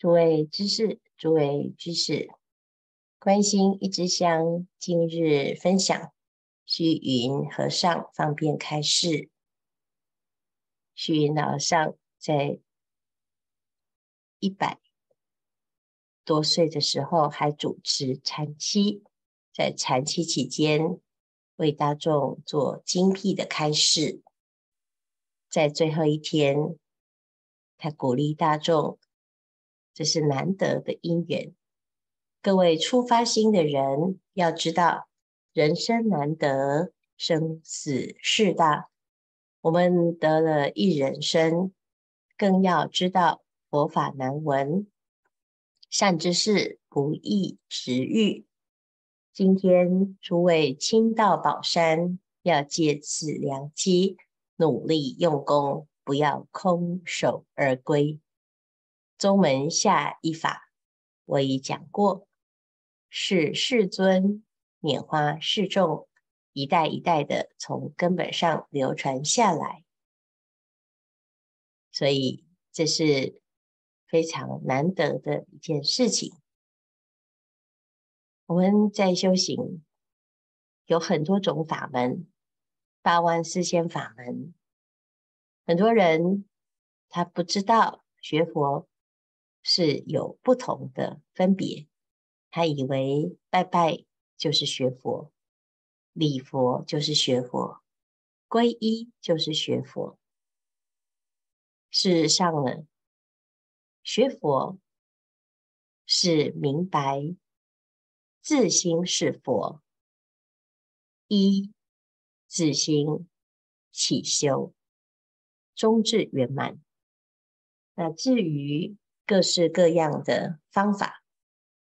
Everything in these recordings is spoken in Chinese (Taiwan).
諸位知事，諸位居士，觀心一支香，今日分享，虛雲和尚方便開示。虛雲老和尚在一百多歲的時候，還主持禪七，在禪七期間為大眾做精闢的開示，在最後一天，他鼓勵大眾。這是難得的因緣，各位初發心的人，要知道人生難得，生死事大。我們得了一人生，更要知道佛法難聞，善知識不易值遇。今天諸位親到寶山，要借此良機，努力用功，不要空手而歸。宗門下一法，我已講過，是世尊拈花示眾，一代一代的從根本上流傳下來，所以這是非常難得的一件事情。我們在修行有很多種法門，八萬四千法門，很多人他不知道學佛，是有不同的分別，他以為拜拜就是學佛，禮佛就是學佛，皈依就是學佛，事實上呢，學佛是明白自心是佛，依自心起修，終至圓滿。那至於，各式各樣的方法，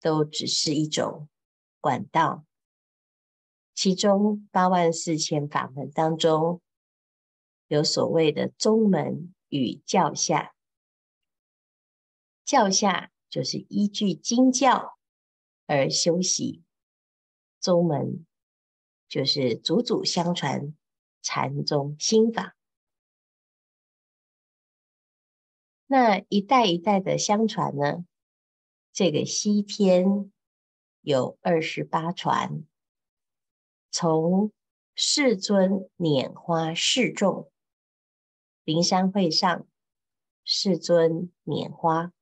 都只是一種管道。其中八萬四千法門當中，有所謂的宗門與教下。教下就是依據經教而修習，宗門就是祖祖相傳禪宗心法。那一代一代的相傳呢，這個西天有二十八傳，從世尊拈花示眾，靈山會上，世尊拈花，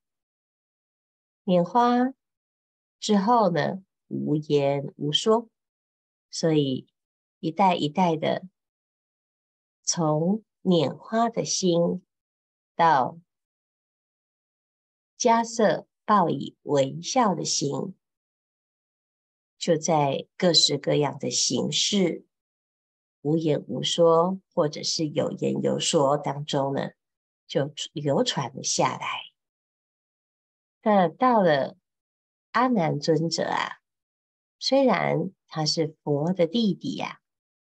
拈花之後呢，無言無說，所以一代一代的，從拈花的心到。迦葉報以微笑的心，就在各式各樣的形式，無言無說，或者是有言有說當中呢，就流傳了下來。那到了阿難尊者啊，雖然他是佛的弟弟呀，啊，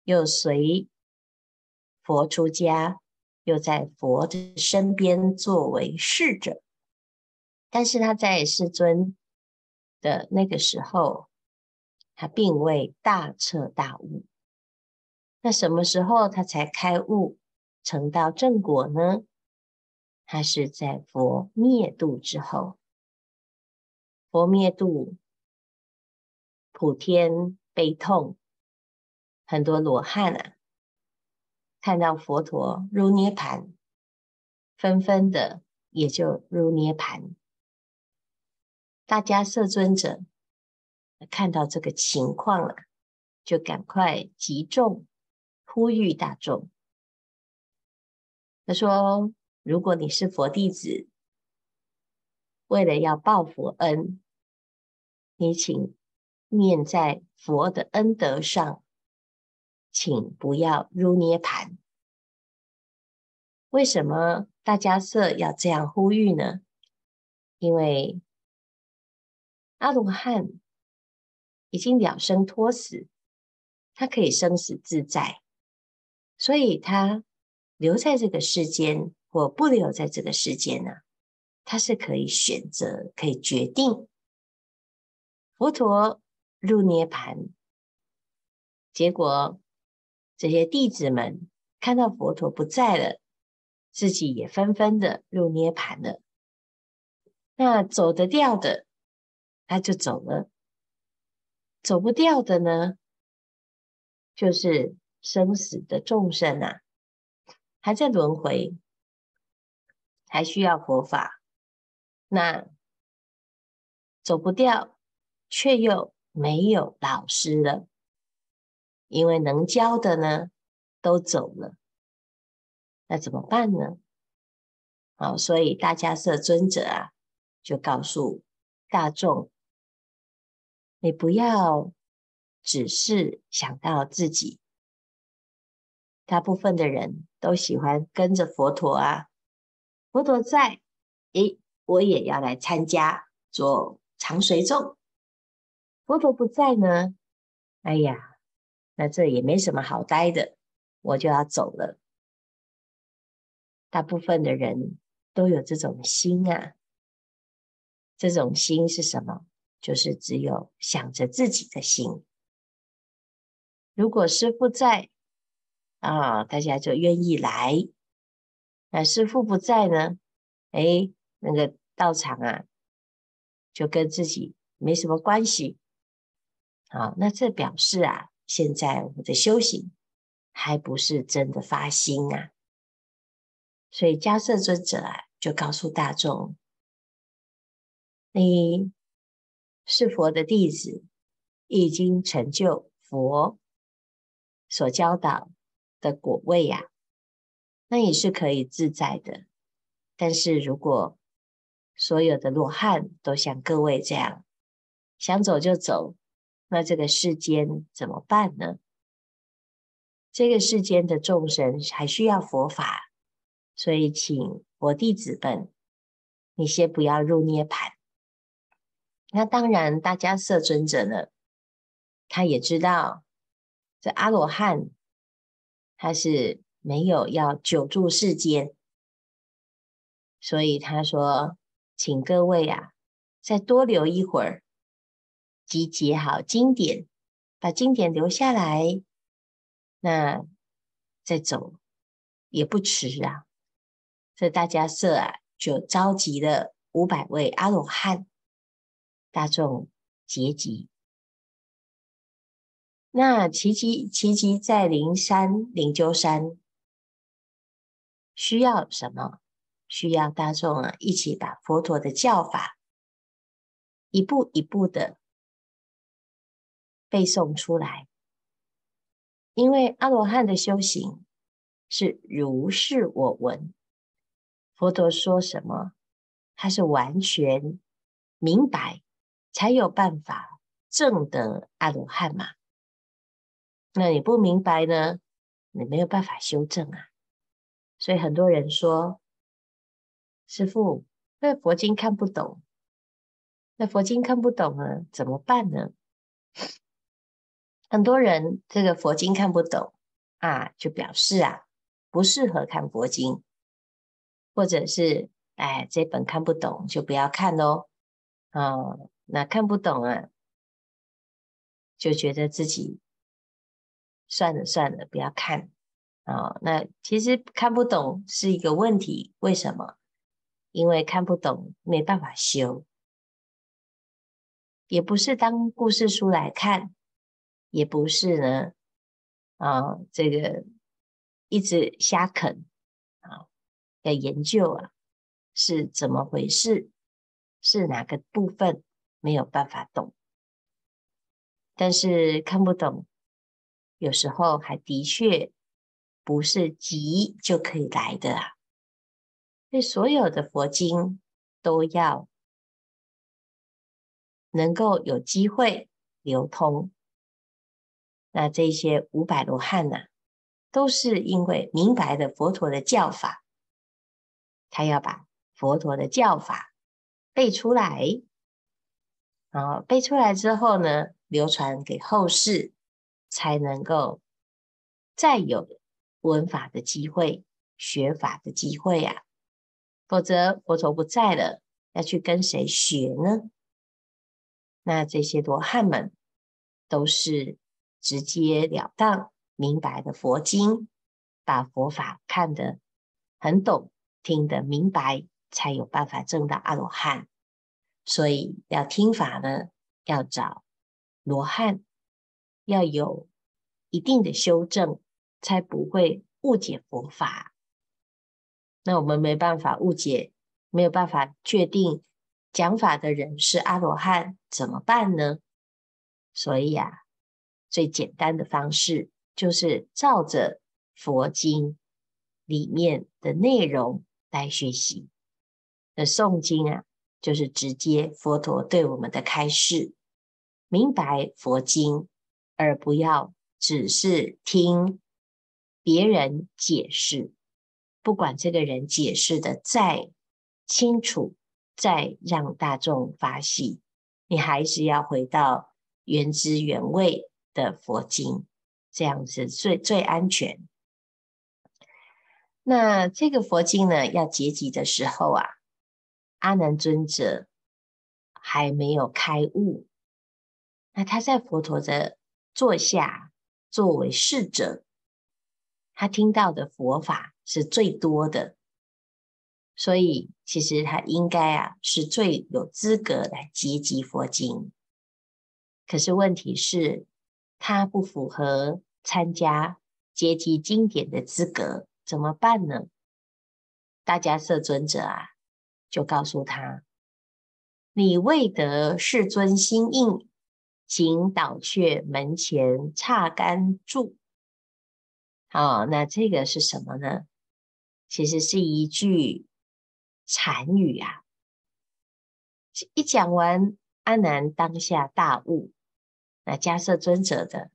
又隨佛出家，又在佛的身邊作為侍者。但是他在世尊的那個時候，他並未大徹大悟。那什麼時候他才開悟、成道正果呢？他是在佛滅度之後，佛滅度，普天悲痛，很多羅漢啊，看到佛陀入涅槃，紛紛的也就入涅槃。大家迦葉尊者看到這個情況了，就趕快集眾，呼籲大眾。他說：“如果你是佛弟子，為了要報佛恩，你請念在佛的恩德上，請不要入涅槃。為什麼大家迦葉要這樣呼籲呢？因為……”阿羅漢已經了生脫死，他可以生死自在，所以他留在這個世間或不留在這個世間呢？他是可以選擇，可以決定。佛陀入涅槃，結果這些弟子們看到佛陀不在了，自己也紛紛的入涅槃了。那走得掉的。他就走了，走不掉的呢，就是生死的眾生啊，還在輪迴，還需要佛法。那走不掉，卻又沒有老師了，因為能教的呢，都走了。那怎麼辦呢？好，所以大迦葉尊者啊，就告訴大眾。你不要只是想到自己，大部分的人都喜歡跟着佛陀啊。佛陀在，誒，我也要來參加做常隨眾。佛陀不在呢，哎呀，那這也沒什麼好待的，我就要走了。大部分的人都有這種心啊，這種心是什麼？就是只有想着自己的心。如果師父在啊，哦，大家就願意來；那師父不在呢，哎，那個道場啊，就跟自己沒什麼關係。好，哦，那這表示啊，現在我們的修行還不是真的發心啊。所以迦葉尊者啊，就告訴大眾：“你。”是佛的弟子，已經成就佛所教導的果位呀，啊,那也是可以自在的。但是如果所有的羅漢都像各位這樣，想走就走,那這個世間怎麼辦呢？這個世間的眾生還需要佛法，所以請佛弟子們，你先不要入涅槃。那當然，大迦葉尊者呢，他也知道這阿羅漢他是沒有要久住世間，所以他說：“請各位啊，再多留一會兒，集結好經典，把經典留下來，那再走也不遲啊。”這大迦葉啊，就召集了五百位阿羅漢。大眾結集，那結集，結集在靈山靈鷲山，需要什麼？需要大眾啊，一起把佛陀的教法一步一步的背誦出來。因為阿羅漢的修行是如是我聞，佛陀說什麼，他是完全明白。才有辦法證得阿羅漢嘛？那你不明白呢，你沒有辦法修正啊。所以很多人說，師父，那佛經看不懂。那佛經看不懂呢？怎麼辦呢？很多人這個佛經看不懂啊，就表示啊不適合看佛經，或者是哎這本看不懂就不要看嘍、哦。嗯。那看不懂啊，就覺得自己算了算了，不要看啊、哦。那其實看不懂是一個問題，為什麼？因為看不懂沒辦法修，也不是當故事書來看，也不是呢啊、哦，這個一直瞎啃啊，要、哦、研究啊，是怎麼回事？是哪個部分？沒有辦法懂，但是看不懂，有時候還的確不是急就可以來的啊。所以所有的佛經都要能夠有機會流通。那這些五百羅漢呢、啊，都是因為明白的佛陀的教法，他要把佛陀的教法背出來。然後背出來之後呢，流傳給後世，才能夠再有聞法的機會、學法的機會呀、啊。否則佛陀不在了，要去跟誰學呢？那這些羅漢們都是直截了當、明白的佛經，把佛法看得很懂、聽得明白，才有辦法證到阿羅漢。所以要聽法呢，要找羅漢，要有一定的修正，才不會誤解佛法。那我們沒辦法誤解，沒有辦法確定講法的人是阿羅漢，怎麼辦呢？所以呀，最簡單的方式就是照着佛經裡面的內容來學習。那誦經啊，就是直接佛陀對我們的開示，明白佛經，而不要只是聽別人解釋，不管這個人解釋的再清楚，再讓大眾法喜，你還是要回到原汁原味的佛經，這樣子最最安全。那這個佛經呢，要結集的時候啊，阿難尊者還沒有開悟，那他在佛陀的座下作為侍者，他聽到的佛法是最多的，所以其實他應該啊是最有資格來結集佛經。可是問題是，他不符合參加結集經典的資格，怎麼辦呢？大迦葉尊者啊！就告訴他：“你未得世尊心印，請倒卻門前剎竿著。哦”好，那這個是什麼呢？其實是一句禪語啊。一講完，阿難當下大悟。那迦葉尊者的，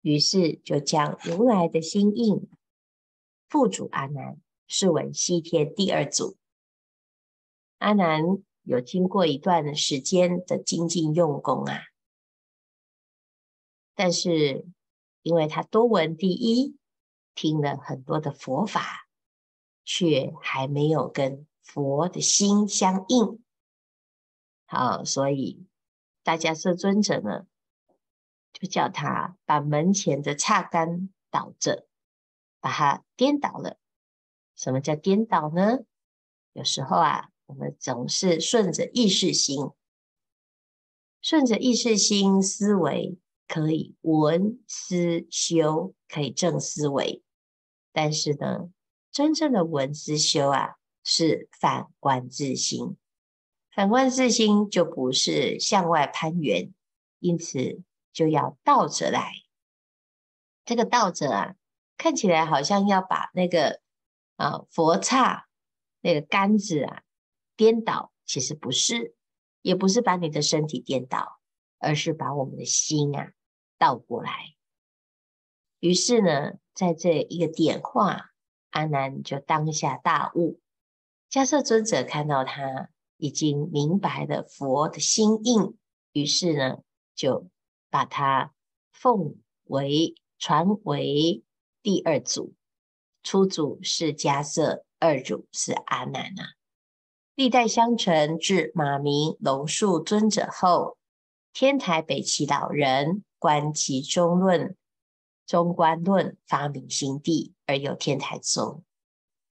於是就將如來的心印付囑阿難，是為西天第二祖。阿難有經過一段時間的精進用功啊，但是因為他多聞第一，聽了很多的佛法，卻還沒有跟佛的心相應。好，所以大迦葉尊,尊者呢，就叫他把門前的剎竿倒着，把它顛倒了。什麼叫顛倒呢？有時候啊。我們總是順着意識心，順着意識心思維，可以聞思修，可以正思維。但是呢，真正的聞思修啊，是反觀自心。反觀自心就不是向外攀緣，因此就要倒着來。這個倒着啊，看起來好像要把那個啊佛剎那個桿子啊。顛倒，其實不是，也不是把你的身體顛倒，而是把我們的心啊倒過來。於是呢，在這一個點化，阿難就當下大悟。迦葉尊者看到他已經明白了佛的心印，於是呢，就把他奉為傳為第二祖。初祖是迦葉，二祖是阿難啊。歷代相承，至馬鳴龍樹尊者後，天台北齊老人觀其中論，中觀論發明心地而有天台宗。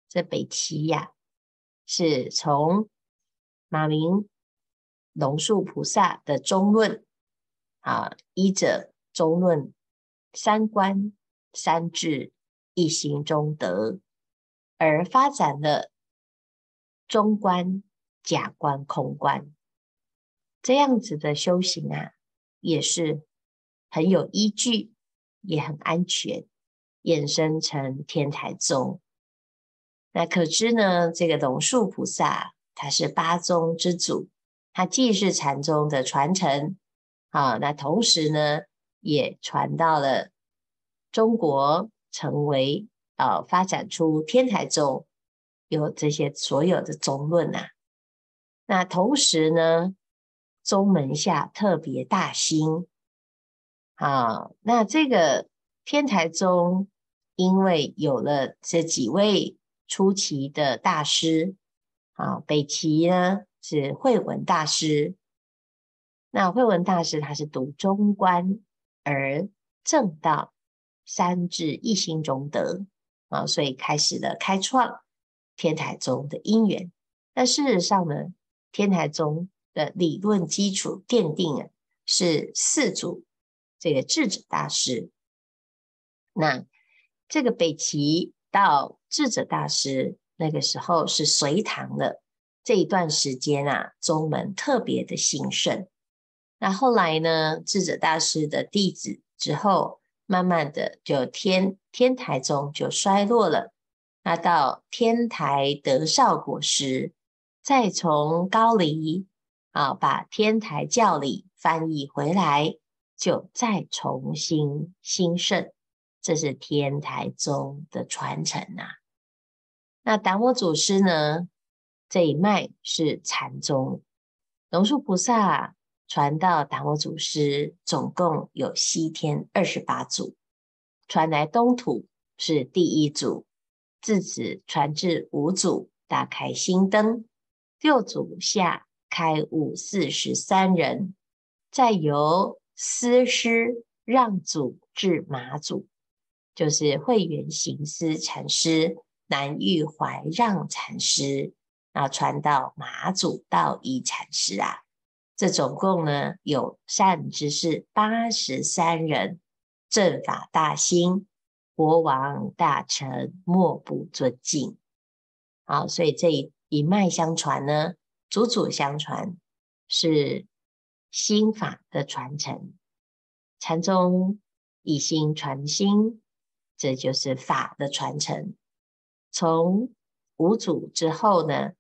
這北齊呀、啊，是從馬鳴龍樹菩薩的中論啊依著中論三觀三智一心中得，而發展了。中觀、假觀、空觀，這樣子的修行啊，也是很有依據，也很安全。衍生成天台宗，那可知呢？這個龍樹菩薩他是八宗之祖，他既是禪宗的傳承，啊，那同時呢，也傳到了中國，成為呃、啊，發展出天台宗。有這些所有的中論吶、啊,那同時呢，宗門下特別大興啊。那這個天台宗，因為有了這幾位出奇的大師，好，北齊呢是慧文大師。那慧文大師他是讀中觀而正道三智一心中得，啊，所以開始了開創。天台宗的因緣，但事實上呢，天台宗的理論基礎奠定啊是四祖這個智者大師。那這個北齊到智者大師那個時候是隋唐了，這一段時間啊宗門特別的興盛。那後來呢，智者大師的弟子之後，慢慢的就天天台宗就衰落了。他到天台德韶國師，再從高麗啊，把天台教理翻譯回來，就再重新興盛。這是天台宗的傳承吶、啊。那達摩祖師呢，這一脈是禪宗，龍樹菩薩傳到達摩祖師，總共有西天二十八祖，傳來東土是第一祖。自此傳至五祖，大開心燈；六祖下開悟四十三人，再由思師、讓祖至馬祖，就是慧遠行思禪師、南嶽懷讓禪師，然後傳到馬祖道一禪師啊。這總共呢有善知識八十三人，正法大興。國王大臣莫不尊敬。好，所以這一脈相傳呢，祖祖相傳是心法的傳承。禪宗以心傳心，這就是法的傳承。從五祖之後呢，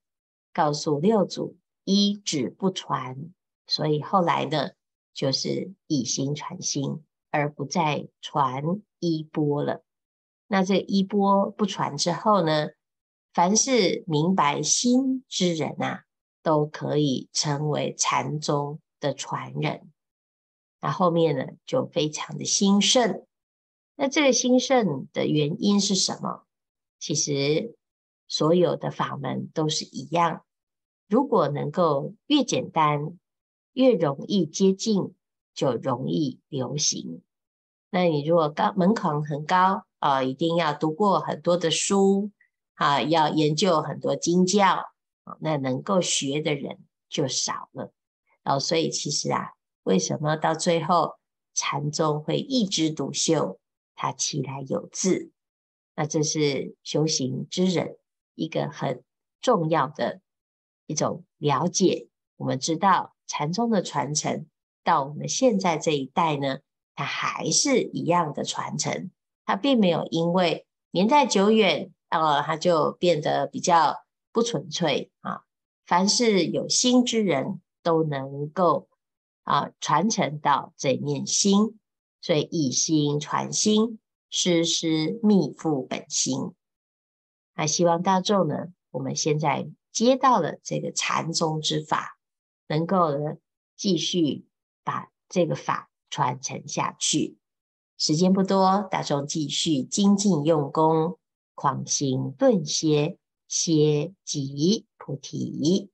告訴六祖衣止不傳，所以後來呢，就是以心傳心，而不再傳衣缽了。那這衣鉢不傳之後呢，凡是明白心之人啊，都可以成為禪宗的傳人。那後面呢，就非常的興盛。那這個興盛的原因是什麼？其實所有的法門都是一樣，如果能夠越簡單、越容易接近，就容易流行。那你如果高，門檻很高，啊、呃，一定要讀過很多的書啊，要研究很多經教，啊、那能夠學的人就少了。哦、啊，所以其實啊，為什麼到最後禪宗會一枝獨秀？它其來有自，那這是修行之人一個很重要的一種了解。我們知道禪宗的傳承到我們現在這一代呢，它還是一樣的傳承。它並沒有因為年代久遠，呃，它就變得比較不純粹啊。凡是有心之人都能夠啊傳承到這念心，所以以心傳心，師師密付本心。那希望大眾呢，我們現在接到了這個禪宗之法，能夠呢繼續把這個法傳承下去。時間不多，大眾繼續精進用功，狂心頓歇，歇即菩提。